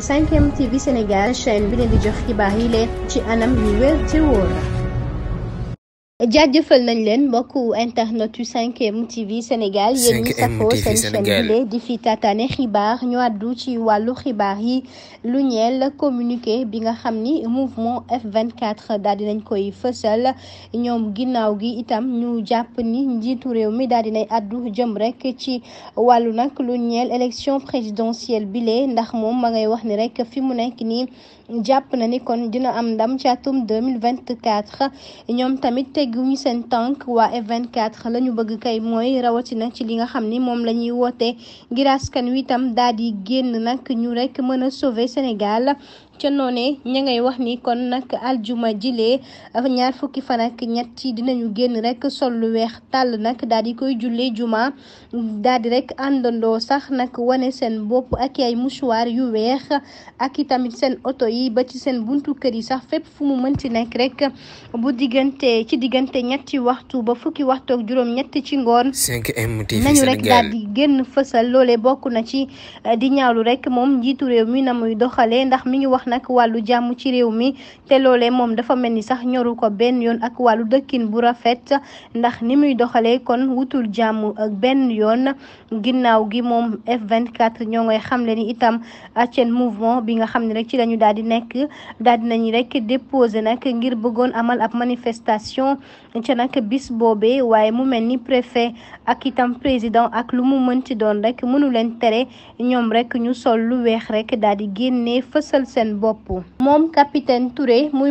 5M TV Sénégal chaîne bi leen di jox xibaar yi leen ci anam yu wér ci jaajëfal nañ leen mbokku internet yu 5M TV Sénégal yéen ñi safoo seen chaîne bile di fi tataane xibaar ñu àddu ci wàllu xibaar yi lu ñeel communiqué bi nga xam ni mouvement F24 daal di nañ koy fësal ñoom ginnaaw gi itam ñu jàpp ni njiitu réew mi daal di nay àddu jëm rekk ci wàllu nag lu ñeel élection présidentielle bile ndax moom ma ngay wax ni rek fi mu nekk nii jàpp na ni kon dina am ndam ci atum 2024 ñoom tamit. gu teguñu seen tànk waa F24 la ñu bëgg kay mooy rawatina ci li nga xam ni moom la ñuy woote ngir askan wi itam daal di génn nag ñu rekk mën a sauver Sénégal ca noone ña ngay wax ni kon nag aljuma jilee ñaar fukki fan ak ñett yi dinañu génn rek sol lu weex tàll nag daal di koy jullee juma daal di rek àndandoo sax nag wane seen bopp ak ay musuwaar yu weex ak i tamit seen oto yi ba ci seen buntu kër yi sax fépp fu mu mënti nekk rek bu diggante ci diggante ñetti waxtu ba fukki waxtu ak juróom ñetti ci ngoon nañu rek daal génn fësal loole bokk na ci di ñaawlu rek moom njiitu réew mi na muy doxalee ndax wax nag wàllu jàmm ci réew mi te loole moom dafa mel ni sax ñoru ko benn yoon ak wàllu dëkkin bu rafet ndax ni muy doxalee kon wutul jàmm ak benn yoon ginnaaw gi moom F24 ñoo ngay xamle ni itam seen mouvement bi nga xam ne rek ci lañu daal di nekk daal di nañu rek déposé nag ngir bëggoon amal ab manifestation ca nag bis boobee waaye mu mel ni préfet ak itam président ak lu mu mënti doon rek mënu leen tere ñoom rek ñu sol lu weex rek daal di génnee fësal seen bopp moom capitain Touré muy